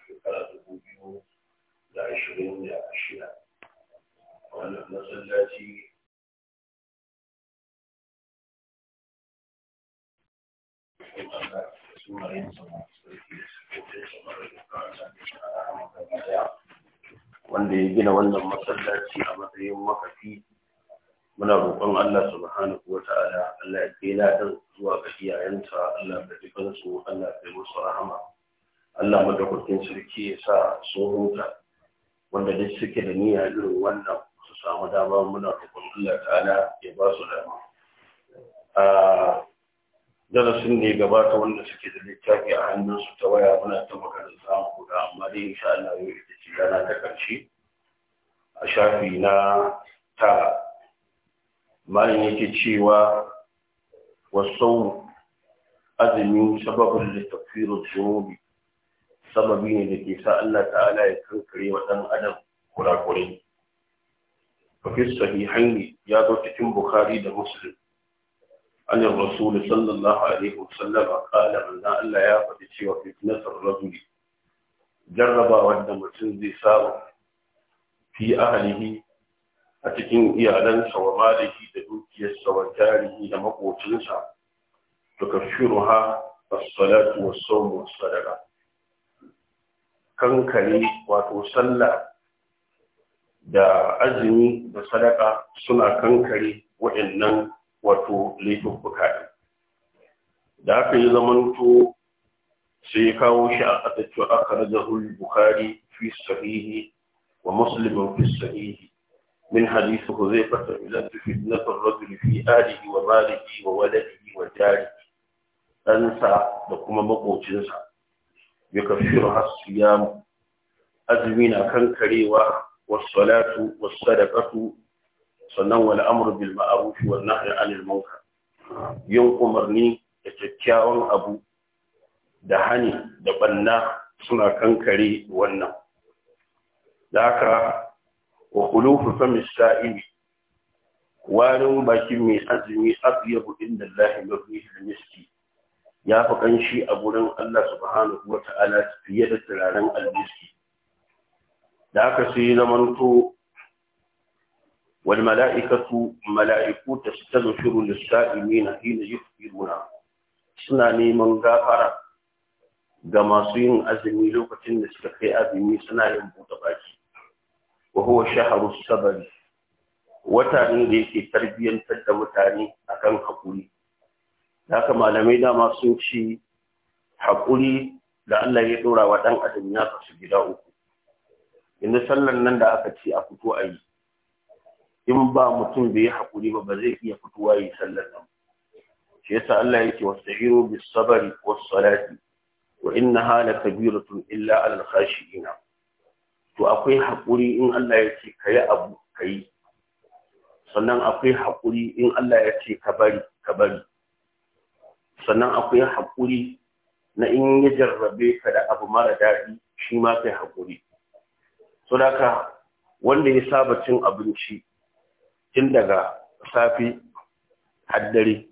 shekara dubu biyu da ashirin da shida wannan masallaci wanda ya gina wannan masallaci a matsayin makafi muna roƙon Allah subhanahu wa ta'ala Allah ya kai ladan zuwa ga iyayensa Allah ya ji kansu Allah ya kai musu rahama Allah madaukakin sarki ya sa sun huta wanda duk suke da niyya irin wannan su samu dama muna roƙon Allah ta'ala ya ba su dama a darasin ne gabata wanda suke da littafi a hannunsu ta waya muna ta maganar samun kuɗa amma dai insha Allah yau ita ce rana ta ƙarshe a shafi na ta malin yake cewa wasu azumi sababin littafi zunubi sababi ne da ke sa Allah ta'ala ya kankare wa ɗan adam kurakurai. Fafis sahihaini ya zo cikin Bukhari da Muslim. Anyar Rasulu sallallahu Alaihi wasallam a ƙala manza Allah ya faɗi cewa fitnasar rajuli. Jarraba wanda mutum zai saba. fi ahalihi a cikin iyalansa wa malihi da dukiyarsa wa jarihi da maƙocinsa. Tukafiruha as-salatu was-sawmu was kankare wato sallah da azumi da sadaka suna kankare waɗannan wato laifuffuka da aka yi zamanto sai kawo shi a ƙasashe aka raja bukari fi sahihi wa muslimin fi sahihi من حديث حذيفة إلى فتنة الرجل في آله وماله jari, ɗansa أنسى لكم مقوتنسى bikafiru hasiyamu azumi na kankarewa wasalatu wasadaqatu sannan wal amru bil ma'ruf wal nahy anil yin umarni da kyakkyawan abu da hani da banna suna kankare wannan da haka wa khulufu fami sa'ili warin bakin mai azumi abiyabu inda Allah ya bi miski ya fi ƙanshi a gurin Allah subhanahu wa ta'ala fiye da turaren albiski da haka sai zamanto wani mala'ikatu mala'iku tastaghfiru lis-sa'imina hina yufṭiruna suna neman gafara ga masu yin azumi lokacin da suka kai azumi suna yin bude baki wa huwa shahru wata ne da yake tarbiyyantar da mutane akan hakuri da haka malamai dama sun ci haƙuri da Allah ya ɗora wa ɗan adam ya kasu gida uku inda sallan nan da aka ci a fito a in ba mutum bai yi haƙuri ba ba zai iya fitowa yi sallan nan shi yasa Allah yake wastahiru bis sabari was salati wa innaha la kabiratun illa alal khashiina to akwai haƙuri in Allah ya ce kayi abu kayi sannan akwai haƙuri in Allah ya ka bari ka bari sannan akwai haƙuri na in ya jarrabe ka da abu mara daɗi shi ma kai haƙuri so haka wanda ya saba cin abinci tun daga safi haddare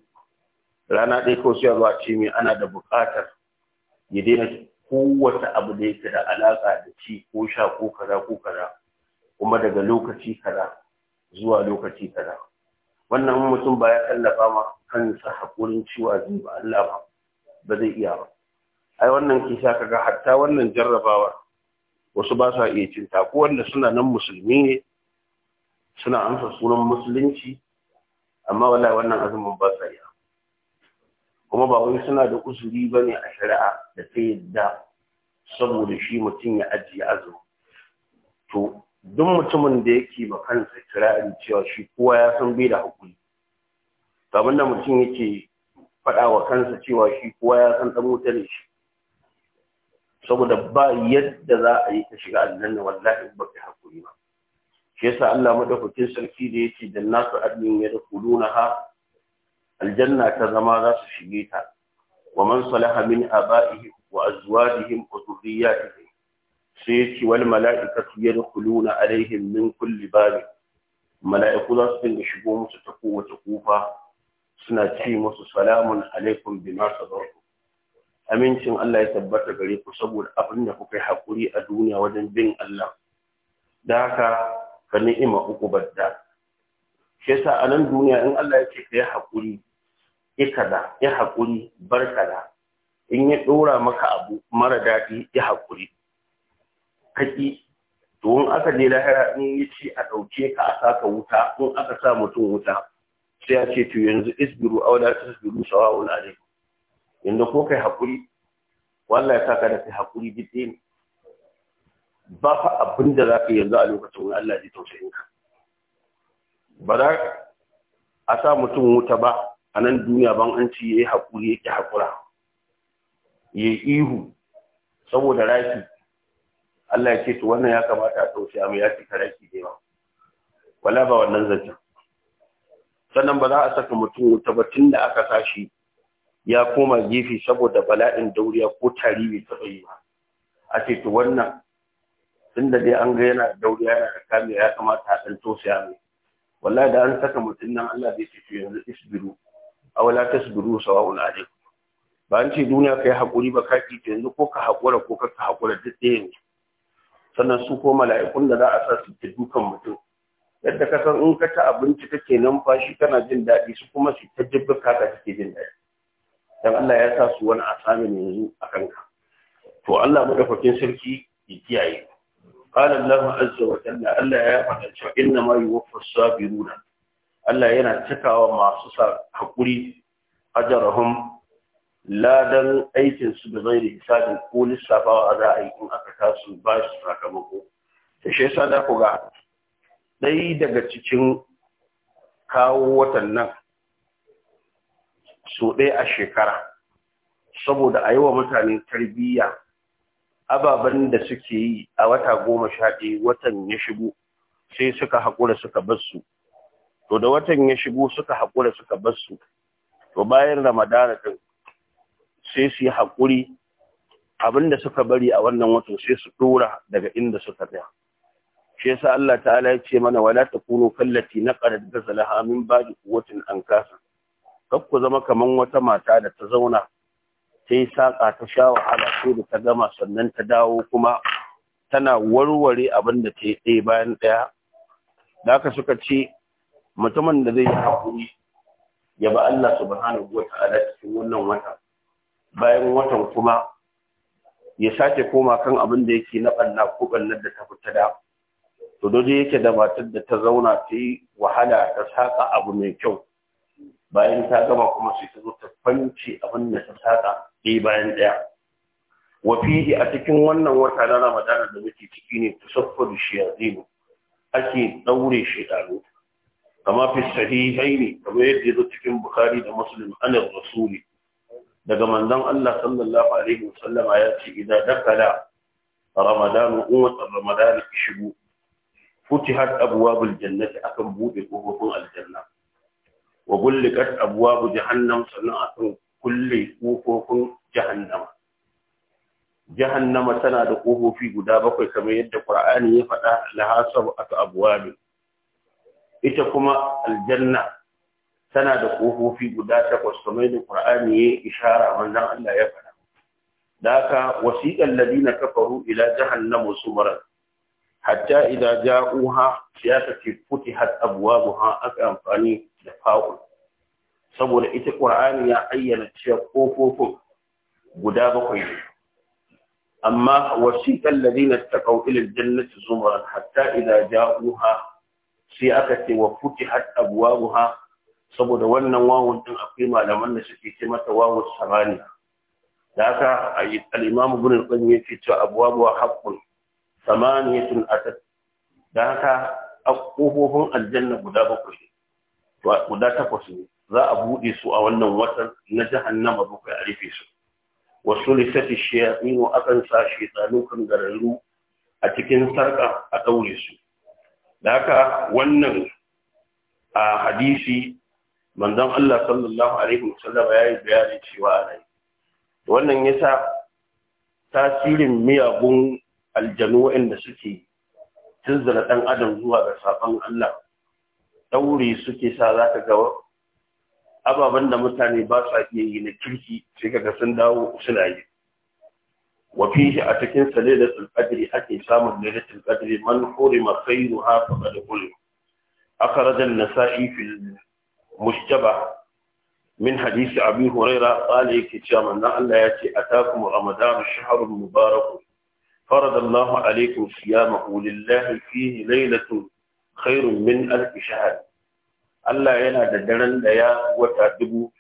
rana ɗaya kawai sai zuwa ce mai ana da buƙatar ya daina kowace abu da yake da alaƙa da ci ko sha ko kaza ko kaza kuma daga lokaci kaza zuwa lokaci kaza wannan mutum ba ya tallafa ma kansa haƙurin ciwa zai ba Allah ba ba zai iya ba ai wannan kisa sa kaga hatta wannan jarrabawa wasu ba sa iya cin ta ko wanda suna nan musulmi ne suna amsa sunan musulunci amma wallahi wannan azumin ba sa iya kuma ba wai suna da usuri bane a shari'a da ta yadda saboda shi mutum ya ajiye azumi to duk mutumin da yake ba kansa kirari cewa shi kowa ya san bai da hakuri abin da mutum yake faɗa wa kansa cewa shi kowa ya san ɗan wuta ne shi saboda ba yadda za a yi ka shiga aljanna wallahi ba ka hakuri ba shi yasa Allah madaukakin sarki da yake jannatu adnin ha? aljanna ta zama za su shige ta wa man salaha min aba'ihim wa azwajihim wa dhurriyyatihim sai yace wal mala'ikatu yadkhuluna alaihim min kulli bab mala'iku za su dinga shigo musu ta kowace kufa. suna ce musu salamun alaikum bi ma sabarku amincin Allah ya tabbata gare ku saboda abin da kuka yi hakuri a duniya wajen bin Allah da haka ka ni'ima uku badda shi yasa a nan duniya in Allah ya ce ka yi hakuri kada, ya hakuri barkada in ya dora maka abu mara daɗi ya hakuri kaki to in aka je lahira in ya ce a ɗauke ka a saka wuta in aka sa mutum wuta sai ya ce to yanzu isbiru aw la tasbiru sawa'un alaykum ko kai hakuri wallahi saka da kai hakuri bidde ne ba fa abin da zaka yanzu a lokacin wani Allah zai tausayin ka ba za a sa mutum wuta ba a nan duniya ban an ci yayi hakuri yake hakura yayi ihu saboda raki, Allah ya ce to wannan ya kamata a tausaya mai ya ci karaki da ba wala ba wannan zancen sannan ba za a saka mutum wuta ba tun da aka sashi ya koma gefe saboda bala'in dauriya ko tari bai taɓa yi ba a ce to wannan tun da dai an ga yana dauriya yana da kame ya kamata a ɗan a mai wallahi da an saka mutum nan Allah zai ce to yanzu isbiru ta isbiru tasbiru sawa'un alaikum ba an ce duniya kai hakuri ba ka ki yanzu ko ka haƙura ko ka haƙura duk ɗaya yanzu sannan su ko mala'ikun da za a sa su dukan mutum yadda ka san in ka ta abinci ka ke numfashi kana jin daɗi su kuma su ta jibba ka ka ke jin daɗi dan Allah ya sa su wani asami ne yanzu a kanka to Allah madafakin sarki ya kiyaye qala Allah azza wa jalla Allah ya faɗa cewa inna ma yuwaffa as-sabiruna Allah yana cakawa masu hakuri ajarhum ladan dan aikin su da zai hisabi ko lissafawa za a yi in aka kasu su sakamako to shi yasa da ɗai daga cikin kawo watan nan so ɗaya a shekara saboda a yi wa mutane tarbiyya ababen da suke yi a wata goma sha ɗaya watan ya shigo sai suka haƙura suka su, to da watan ya shigo suka haƙura suka su, to bayan ramadana ɗin sai su yi haƙuri abin da suka bari a wannan watan sai su ɗora daga inda suka tsaya shi Allah ta'ala ya ce mana wala takunu kallati naqarat gazalaha min ba'di quwwatin ankasa kar ku zama kaman wata mata da ta zauna ta yi saƙa ta sha wahala ko da ta gama sannan ta dawo kuma tana warware abin da ta yi ɗaya bayan ɗaya da ka suka ce mutumin da zai yi haƙuri ya ba Allah subhanahu wa ta'ala cikin wannan wata bayan watan kuma ya sake koma kan abin da yake na ɓanna ko ɓannar da ta fi ta da to dole yake da matar da ta zauna ta yi wahala ta saƙa abu mai kyau bayan ta gama kuma sai ta zo ta fanci abin da ta saka ɗaya eh, bayan ɗaya Wafihi, a cikin wannan wata na ramadana da muke ciki ne ta tasaffaru shayatinu ake daure shekaru. kama fi ne, kamar yadda zo cikin bukhari da muslim an rasuli daga manzon Allah sallallahu alaihi wasallama ya ce idan dakala ramadanu ummat ramadan shigo futihat abwabul jannati akan buɗe kofofin aljanna wa gullikat abwabu jahannam sannan akan kulle kofofin jahannama jahannama tana da kofofi guda bakwai kamar yadda qur'ani ya faɗa laha sab'atu abwab ita kuma aljanna tana da kofofi guda takwas kamar yadda qur'ani ya ishara manzon Allah ya faɗa da haka ladina kafaru ila jahannama sumaran hatta idza ja'uha ya take futihat abwabuha aka amfani da fa'ul saboda ita qur'ani ya ayyana cewa kofofin guda bakwai amma wasiqal ladina taqaw ila aljannati zumran hatta idza ja'uha sai aka ce wa futihat abwabuha saboda wannan wawun din akwai malaman da suke ce mata wawu samaniya da haka al-imam ibn al-qayyim yake cewa abwabu haqqun samaniyatun atad da haka kofofin aljanna guda bakwai guda takwas ne za a buɗe su a wannan watan na jahannama bakwai a rufe su wasu lissafi shayatinu akan sa shaitanu kan gararru a cikin sarƙa a ɗaure su da haka wannan a hadisi manzon Allah sallallahu alaihi wasallam ya yi bayani cewa a nan wannan yasa tasirin miyagun aljanu waɗanda suke tunzura ɗan adam zuwa ga saɓon Allah ɗaure suke sa za ka ga ababen da mutane ba sa iya yi na kirki sai kaga sun dawo suna yi wa fihi a cikin salilatul qadri ake samun lailatul qadri man hurima khayruha faqad hulim akhraj an-nasa'i fil mushtaba min hadisi abi huraira qala yake cewa manzon Allah ya ce atakum ramadan shahrun mubarak فرض الله عليكم صيامه لله فيه ليلة خير من ألف Allah yana da daren da wata dubu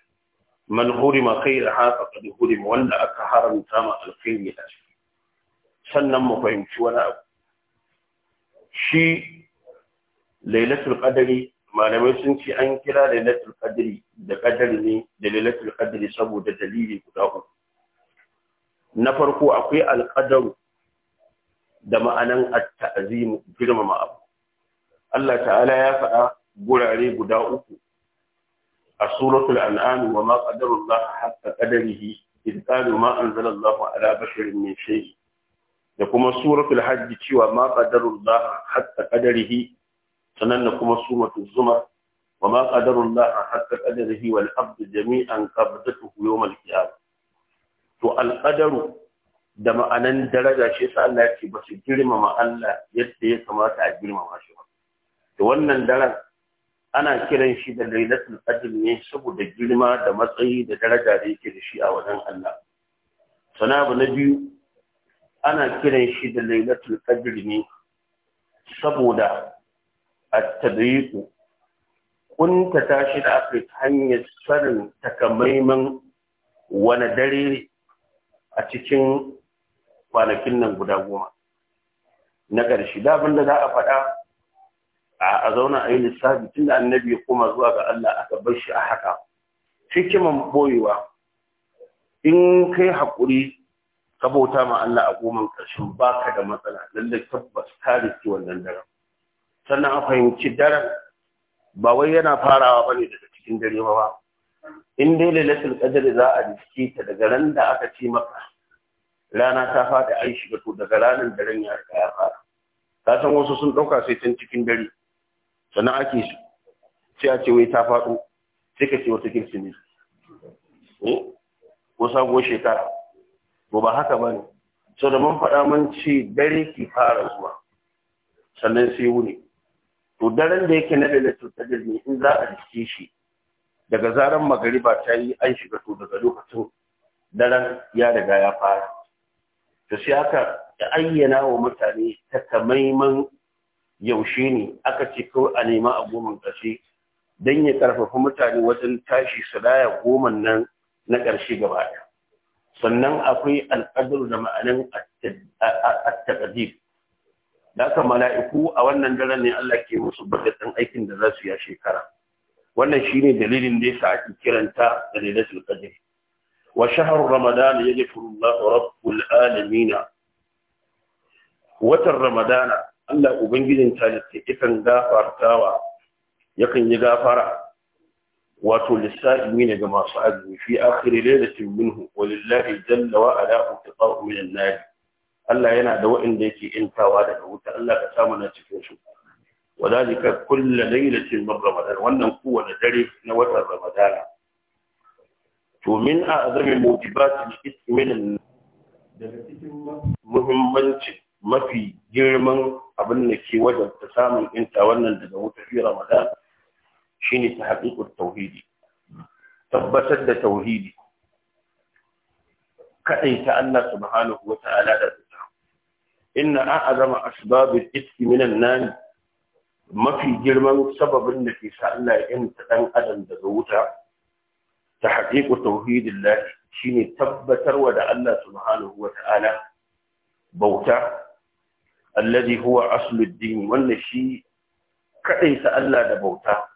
man hurima khairaha faqad hurima wanda aka haramta ma alkhairi a sannan mu fahimci wani abu shi lailatul qadri malamai sun ce an kira lailatul qadri da ƙadari ne da lailatul qadri saboda dalili guda uku na farko akwai alqadaru da ma'anan at-ta'zim girmama abu Allah ta'ala ya faɗa gurare guda uku a suratul an'am wa ma qadarullah haqqa qadarihi in qalu ma anzalallahu ala basharin min shay da kuma suratul hajj cewa ma qadarullah haqqa qadarihi sanan da kuma suratul zumar wa ma qadarullah haqqa qadarihi wal abd jami'an qabdatuhu yawm al-qiyamah to al-qadaru da ma'anan daraja shi sa Allah ya ce ba su girmama Allah yadda ya kamata a girmama shi ba da wannan daren ana kiran shi da lailatul qadr ne saboda girma da matsayi da daraja da yake da shi a wajen Allah sana abu na biyu ana kiran shi da lailatul qadr ne saboda at kun Ƙunta tashi da aka hanyar sanin takamaiman wani dare a cikin kwanakin nan guda goma na ƙarshe da abin da za a faɗa a zauna a yi lissafi tun da annabi ya koma zuwa ga Allah aka bar shi a haka hikiman boyewa in kai haƙuri ka bauta ma Allah a goma ƙarshen baka da matsala lalle tabbas ka rike wannan daren sannan a fahimci daren ba wai yana farawa bane daga cikin dare ba in dai lailatul qadr za a riske ta daga ran da aka ce maka rana ta faɗi an shiga to daga ranar daren ya riga ya fara ka san wasu sun ɗauka sai can cikin dare sannan ake su sai a ce wai ta faɗo sai ka ce wata kirsimeti eh? ko sabuwar shekara to ba haka ba ne so da mun faɗa mun ce dare ki fara zuwa sannan sai wuni to daren da yake na lalatar da ne in za a jike shi daga zaran magariba ta yi an shiga to daga lokacin daren ya riga ya fara to sai aka ayyana wa mutane ta takamaiman yaushe ne aka ce kawai a nema a goma ƙarshe don ya ƙarfafa mutane wajen tashi su daya goman nan na ƙarshe gaba ɗaya sannan akwai al'adar da ma'anin at da aka mala'iku a wannan daren ne Allah ke musu bakatan aikin da za su ya shekara wannan shine dalilin da yasa ake kiranta da lailatul qadr وشهر رمضان يغفر الله رب العالمين watan ramadana Allah ubangijin talitta yakan gafartawa yakan yi gafara wato lissafi ne ga masu azumi fi da lailatin minhu walillahi jalla wa ala utqa'u min an Allah yana da wa'inda yake intawa daga wuta Allah ka samu na cikin su wadalika kullu lailatin min ramadan wannan kowane dare na watan ramadana to min a azamin motivatin ismin daga cikin muhimmanci mafi girman abin da ke ta samun inta wannan daga wuta fi ramadan shine ta haƙiƙar tauhidi tabbatar da tauhidi kaɗai ta Allah subhanahu wa ta'ala da ta inna a'azama asbabul iski minan nan mafi girman sababin da ke sa Allah ya yanta dan adam daga wuta tahqiqu shi ne tabbatarwa da Allah subhanahu Ta'ala. bauta alladhi huwa aslu wannan shi kadai ta Allah da bauta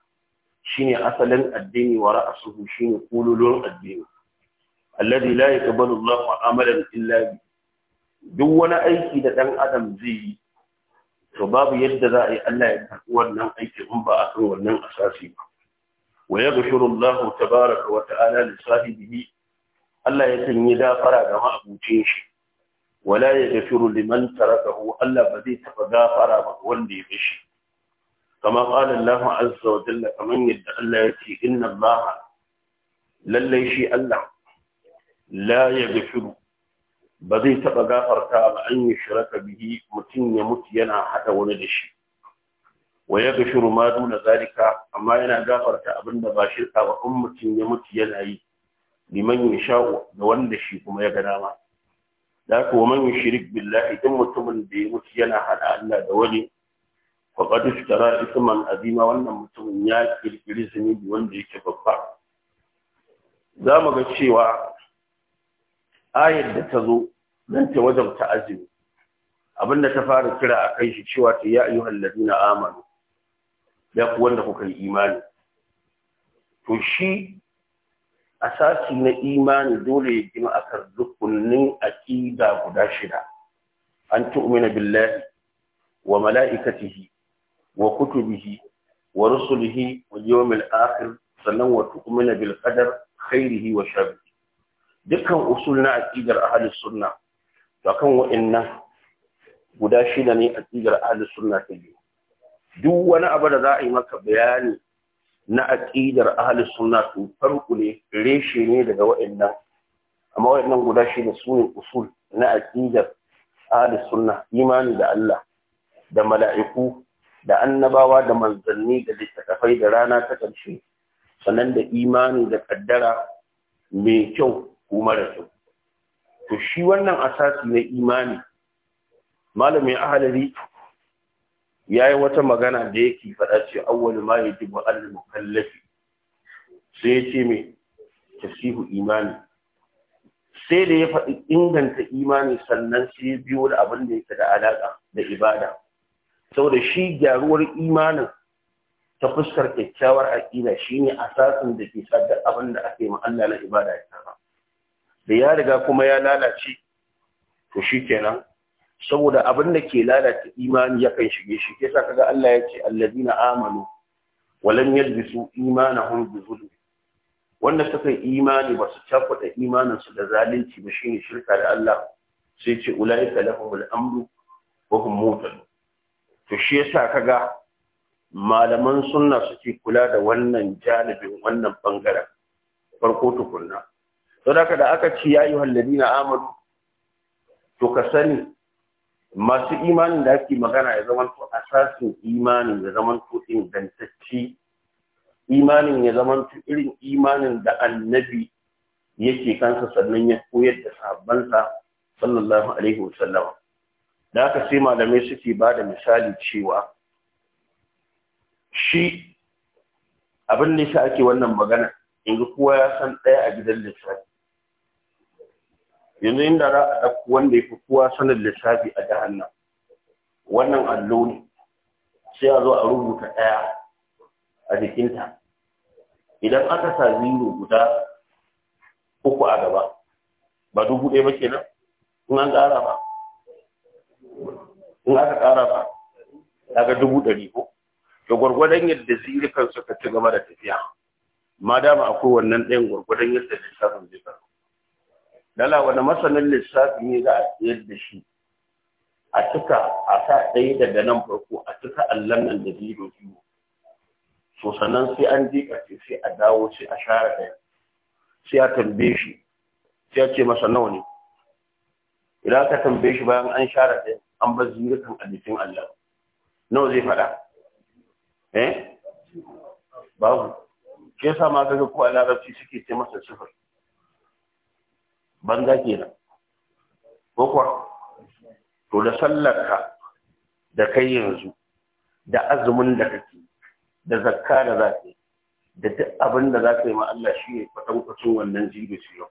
ne asalin addini wa shi shine kululun addini alladhi la yaqbalu Allahu amalan illa duk wani aiki da dan adam zai yi to babu yadda za a yi Allah ya karɓi wannan aiki in ba a kan wannan asasi ba wa yaghfiru ta baraka wa ta'ala lissafi bihi. Allah ya sanya gafara ga ma'abucin shi wala yaghfiru liman tarakahu Allah ba zai taba gafara ba wanda ya bi shi kama qala Allah azza wa kaman yadda Allah ya ce inna Allah lallai shi Allah la yaghfiru ba zai taɓa gafarta ba an yi shiraka bihi mutum ya mutu yana haɗa wani da shi wa ya gashiru ma duna zalika amma yana gafarta abin da ba shi ba in mutum ya mutu yana yi liman ya sha'u da wanda shi kuma ya ga dama da haka wa man yushrik billahi in mutumin da ya mutu yana hada Allah da wani faqad ishtara isman azima wannan mutumin ya kirkiri zunubi wanda yake babba za mu ga cewa ayar da ta zo nan ta wajabta azumi abinda ta fara kira a kai shi cewa ta ya ayyuhal ladina amanu ya wanda kuka yi imani to shi asasi na imani dole ya gina akan rukunin aƙida guda shida an tu'mina billahi wa mala'ikatihi wa kutubihi wa rusulihi wa yawmil akhir sannan wa tu'mina bil qadar khairihi wa sharrihi dukkan usul na aqidar ahlus sunna to kan wa'annan guda shida ne aqidar ahlus sunna ta duk wani abu da za a yi maka bayani na aƙidar ahlus sunna to farko ne reshe ne daga wa'annan amma wa'annan guda shi da sunan usul na aƙidar ahlus sunna imani da Allah da mala'iku da annabawa da manzanni da littattafai da rana ta ƙarshe sannan da imani da kaddara mai kyau ko mara kyau to shi wannan asasi na imani malamin ahalari ya yi wata magana da yake faɗa ce awwal ma ya ji ba'al mukallafi sai ya ce mai tasihu imani sai da ya faɗi inganta imani sannan sai ya biyo da abin da yake da alaƙa da ibada saboda shi gyaruwar imanin ta fuskar kyakkyawar aƙida shine asasin da ke sadar abin da ake ma Allah na ibada ya da ya riga kuma ya lalace to shikenan saboda abin da ke lalata imani ya kan shige shi ke sa kaga Allah ya ce allazina amanu walam yalbisu imanahum bi zulm wanda suka yi imani ba su imanin su da zalunci ba shine shirka da Allah sai ce ulaika lahum al-amru wa hum mutal to shi yasa kaga malaman sunna suke kula da wannan jalibin wannan bangaren farko tukunna don da aka ci ya yi halladi na amadu to ka sani masu imanin da ake magana ya zama to asasin imanin ya zama to ingantacci imanin ya zama to irin imanin da annabi yake kansa sannan ya koyar da sabbansa sallallahu alaihi wasallama da haka sai malamai suke ba da misali cewa shi abin da shi ake wannan magana in kowa ya san ɗaya a gidan lissafi yanzu inda za a ɗauko wanda ya fi kowa sanin lissafi a jahannan wannan allo ne sai a zo a rubuta ɗaya a jikinta idan aka sa zero guda uku a gaba ba dubu ɗaya ba kenan in an ƙara ba in aka ƙara ba daga dubu ɗari ko to gwargwadon yadda zirikan suka ci gaba da tafiya ma dama akwai wannan ɗayan gwargwadon yadda lissafin zai karɓa dala wani masanin lissafi ne za a tsayar da shi a cika a sa ɗaya daga nan farko a cika allon nan da biyu biyu so sannan sai an je ƙarshe sai a dawo sai a share ɗaya sai a tambaye shi sai a ce masa nawa ne idan aka tambaye shi bayan an share ɗaya an bar zirkan kan jikin allah nawa zai faɗa eh babu ke sa ma ga ko a larabci suke ce masa sifir banza kenan ko kuwa to da sallarka da kai yanzu da azumin da kake da zakka da za da duk abin da za yi ma Allah shi ne kwatankwacin wannan jibi su yau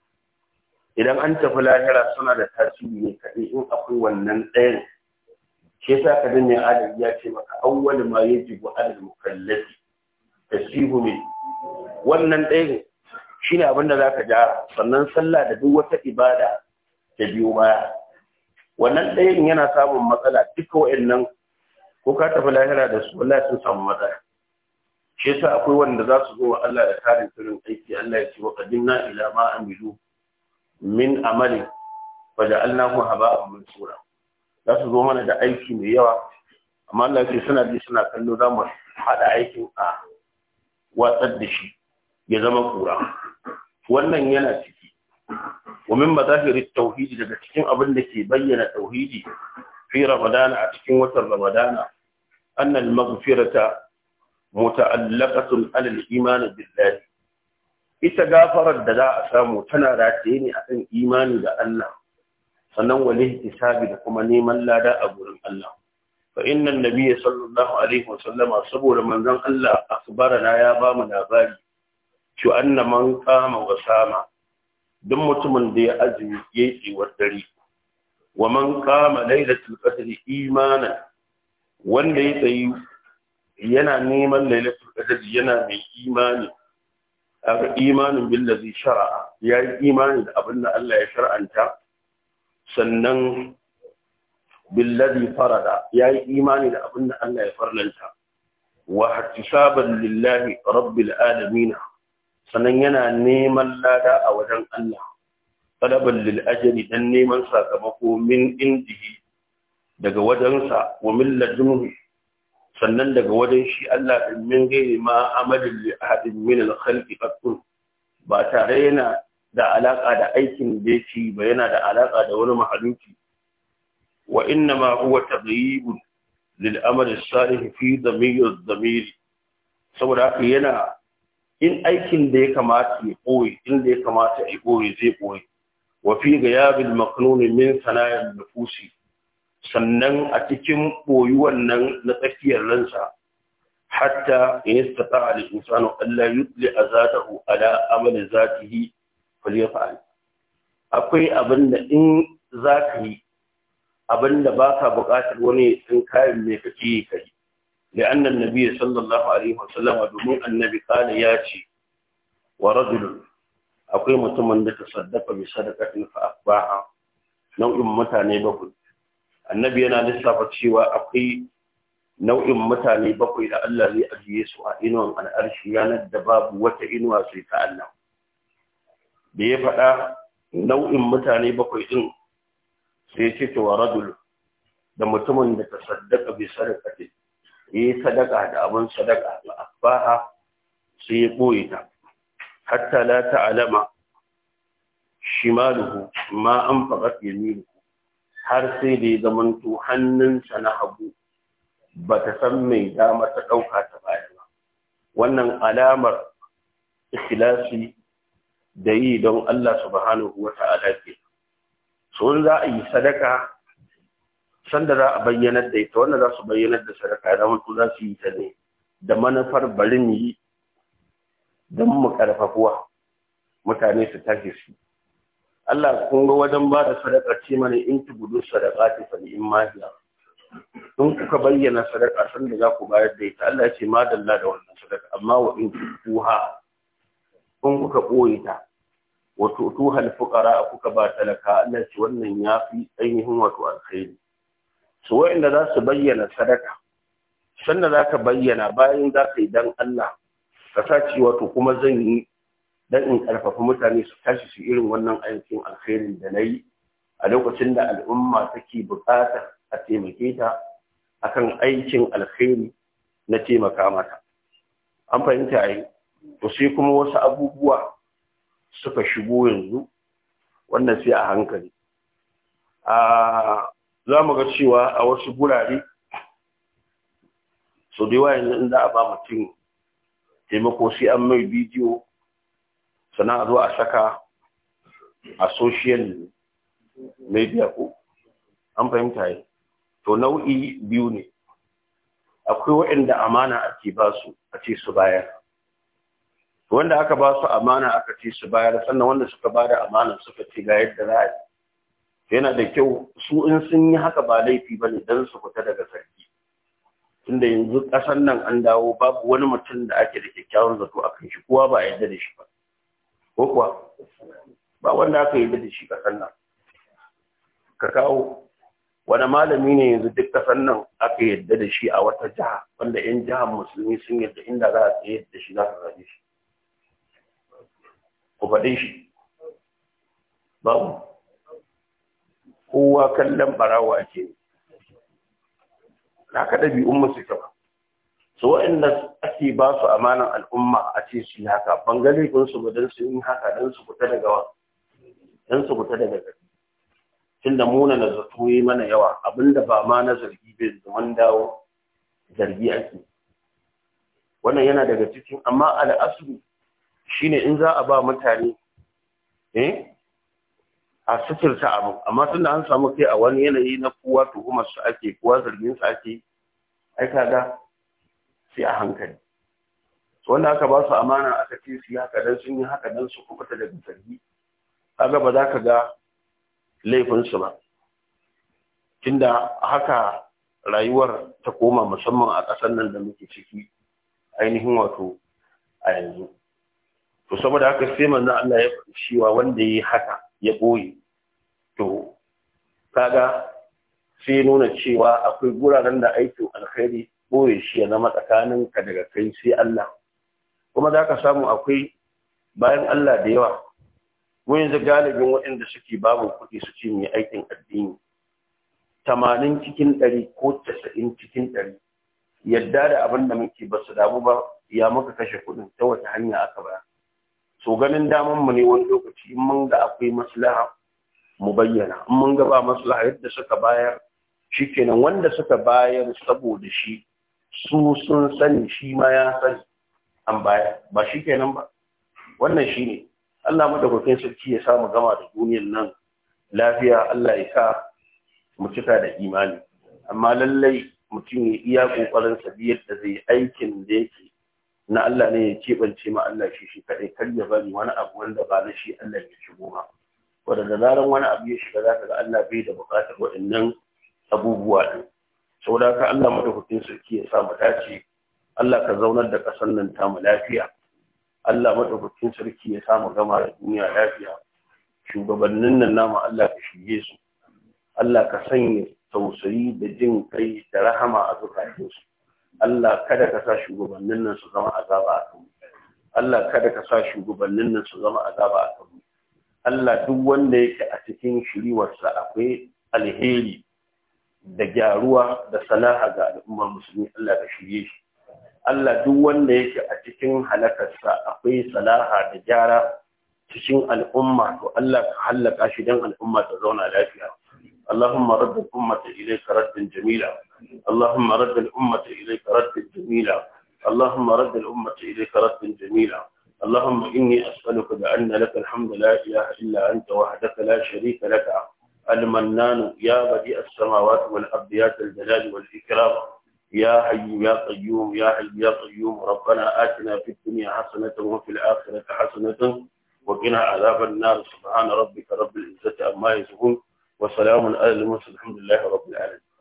idan an tafi lahira suna da tasiri ne kaɗai in akwai wannan ɗayan shi yasa ka dinne adal ya ce maka awwal ma yajibu adal mukallafi tasihu min wannan ɗayan Shi ne abin da ka gyara sannan sallah da duk wata ibada ta biyu baya wannan ɗayan yana samun matsala duka nan ko ka tafi lahira da su wallahi sun samu matsala shi yasa akwai wanda za su zo wa Allah da tarin turin aiki Allah ya ce wa qadimna ila ma amilu min amali fa ja'alnahu haba'an mansura za su zo mana da aiki mai yawa amma Allah ya ce suna bi suna kallo za mu haɗa aikin a watsar da shi ya zama kura wannan yana ciki wa min mazahiri tauhidi daga cikin abin da ke bayyana tauhidi fi ramadana a cikin watan ramadana annal maghfirata muta'allaqatun alal iman billahi ita gafarar da za a samu tana rataye ne akan imani da Allah sannan wani hisabi da kuma neman lada a gurin Allah fa innan nabiyyi sallallahu alaihi wasallama saboda manzon Allah akbarana ya ba mu labari shi anna man kama wa sama duk mutumin da ya azumi ya yi dare wa man kama lailatul qadr imanan wanda ya tsayi yana neman lailatul qadr yana mai imani aka imanin billazi shara'a ya yi imani da abin da Allah ya shar'anta sannan billazi farada ya yi imani da abin da Allah ya farlanta wa hattisaban lillahi rabbil alamina sannan yana neman lada a wajen Allah talaban lil ajri dan neman sakamako min indihi daga wajensa wa min ladunhu sannan daga wajen shi Allah din min gairi ma amalin li ahadin min al khalqi ba tare yana da alaka da aikin da yake ba yana da alaka da wani mahaluki wa inna ma huwa taghyibun lil amali salih fi dhamir dhamir saboda yana in aikin da ya kamata ya ɓoye in da ya kamata ya ɓoye zai ɓoye wa fi ga yabil maknuni min sana'in nufusi sannan a cikin ɓoyuwan nan na tsakiyar ransa hatta in a al insanu alla yudli azatahu ala amali zatihi falyafa'al akwai abin da in za ka yi abin da ba ka buƙatar wani sun kayan me kake yi لأن النبي صلى الله عليه وسلم دمون النبي قال ياتي ورجل أقيم متمن تصدق بصدقة فأقبعها نوع متاني بقول النبي أنا لسافة شوى أقي نوع متاني بقول إلى الله لي أجيس وإنوان أنا أرشيان الدباب وتإنوى سيتألم بيبقى نوع متاني بقول إن سيتي ورجل da mutumin da ta saddaka bi sadakatin yi sadaka da abin sadaka ba asbaha sai ya ɓoye ta hatta la ta'alama shimaluhu ma an faɗa yaminuhu har sai da ya zamanto hannunsa na hagu ba ta san mai dama ta ɗauka ta baya ba wannan alamar ikhlasi da yi don Allah subhanahu wa ta'ala ke so in za a yi sadaka sanda za a bayyanar da ita wanda za su bayyanar da sadaka ya zama za su yi ta ne da manufar barin yi don mu karfafuwa mutane su tafi su Allah kun ga wajen ba da sadaka ce mana in ta gudu sadaka ta fa in mahiya in kuka bayyana sadaka sanda za ku bayar da ita Allah ya ce madalla da wannan sadaka amma wa in tuha in kuka ɓoye ta wato tuhal fuqara kuka ba talaka Allah ce wannan yafi ainihin wato alkhairi su wa'inda za su bayyana sadaka sannan za ka bayyana bayan za ka yi dan Allah ka sa cewa wato kuma zan yi dan in karfafa mutane su tashi su irin wannan aikin alkhairin da na yi a lokacin da al'umma take buƙatar a taimake ta akan aikin alkhairi na taimaka mata an fahimta a yi to sai kuma wasu abubuwa suka shigo yanzu wannan sai a hankali a ah, za mu ga cewa a wasu gurare so da yawa yanzu inda a ba mutum taimako sai an mai bidiyo sannan a zo a saka a social media ko an fahimta yi to nau'i biyu ne akwai waɗanda amana ake ba su a ce su bayar wanda aka ba su amana aka ce su bayar sannan wanda suka ba da amana suka ce ga yadda za a yi yana da kyau su in sun yi haka ba laifi ba ne don su fita daga sarki tunda yanzu ƙasar nan an dawo babu wani mutum da ake da kyakkyawan zato a kan shi kowa ba a yarda da shi ba ko kuwa ba wanda aka yarda da shi ƙasar nan ka kawo wani malami ne yanzu duk ƙasar nan aka yarda da shi a wata jiha wanda 'yan jihar musulmi sun yarda inda za a tsaye da shi za ka zaɓe shi ku faɗi shi babu kowa kallon barawa ake na ka ɗabi'un musu so su waɗanda ake ba su amanan al'umma a ce su yi haka bangare kun su don su yi haka don su fita daga wa don su fita daga gari tun da muna na zato mana yawa abinda ba ma na zargi bai zaman dawo zargi ake wannan yana daga cikin amma shi shine in za a ba mutane eh a suturta abu amma tunda an samu kai a wani yanayi na kowa tuhumar su ake kowa zargin su ake ai kaga sai a hankali wanda aka ba su amana aka ce su haka dan sun yi haka dan su kubuta daga zargi kaga ba za ka ga laifin su ba tunda haka rayuwar ta koma musamman a ƙasar nan da muke ciki ainihin wato a yanzu to saboda haka sai manzo Allah ya faɗi cewa wanda yayi haka ya boye to kaga sai nuna cewa akwai guraren da aikin alkhairi boye shi ya zama ka daga kai sai Allah kuma za ka samu akwai bayan Allah da yawa mu yanzu galibin waɗanda suke babu kuɗi suke mai aikin addini tamanin cikin ɗari ko casa'in cikin ɗari yadda da abin da muke ba su damu ba ya muka kashe kuɗin ta wata hanya aka bayar. so ganin daman mu ne wani lokaci in mun ga akwai maslaha mu bayyana in mun ga ba maslaha yadda suka bayar shikenan wanda suka bayar saboda shi su sun sani shi ma ya sani an bayar. ba shikenan ba wannan shi ne. Allah mu madaukakin sarki ya samu gama da duniyar nan lafiya Allah ya sa mu cika da imani amma lallai mutum ya iya kokarin sa biyar da zai aikin da yake na Allah ne ya keɓance ma Allah shi shi kaɗai kar ya bari wani abu wanda ba na shi Allah ya shigo goma. wanda da zaran wani abu ya shiga zaka ga Allah bai da buƙatar waɗannan abubuwa ɗin saboda ka Allah madaukakin sarki ya sa mu dace Allah ka zaunar da ƙasar nan ta mu lafiya Allah madaukakin sarki ya sa mu gama da duniya lafiya shugabannin nan namu Allah ka shige su Allah ka sanya tausayi da jin kai da rahama a zukatansu Allah kada ka sa shugabannin nan su zama azaba a kanmu Allah kada ka sa shugabannin nan su zama azaba a kanmu Allah duk wanda yake a cikin shiriwarsa akwai alheri da gyaruwa da salaha ga al'ummar musulmi Allah ka shirye shi Allah duk wanda yake a cikin halakarsa akwai salaha da gyara cikin al'umma to Allah ka hallaka shi don al'umma ta zauna lafiya اللهم رد الأمة إليك ردا جميلا اللهم رد الأمة إليك ردا جميلا اللهم رد الأمة إليك ردا جميلا اللهم إني أسألك بأن لك الحمد لا إله إلا أنت وحدك لا شريك لك المنان يا بديع السماوات والأرض يا ذا الجلال والإكرام يا حي يا قيوم يا حي يا قيوم ربنا آتنا في الدنيا حسنة وفي الآخرة حسنة وقنا عذاب النار سبحان ربك رب العزة عما يصفون وسلام على المرسلين الحمد لله رب العالمين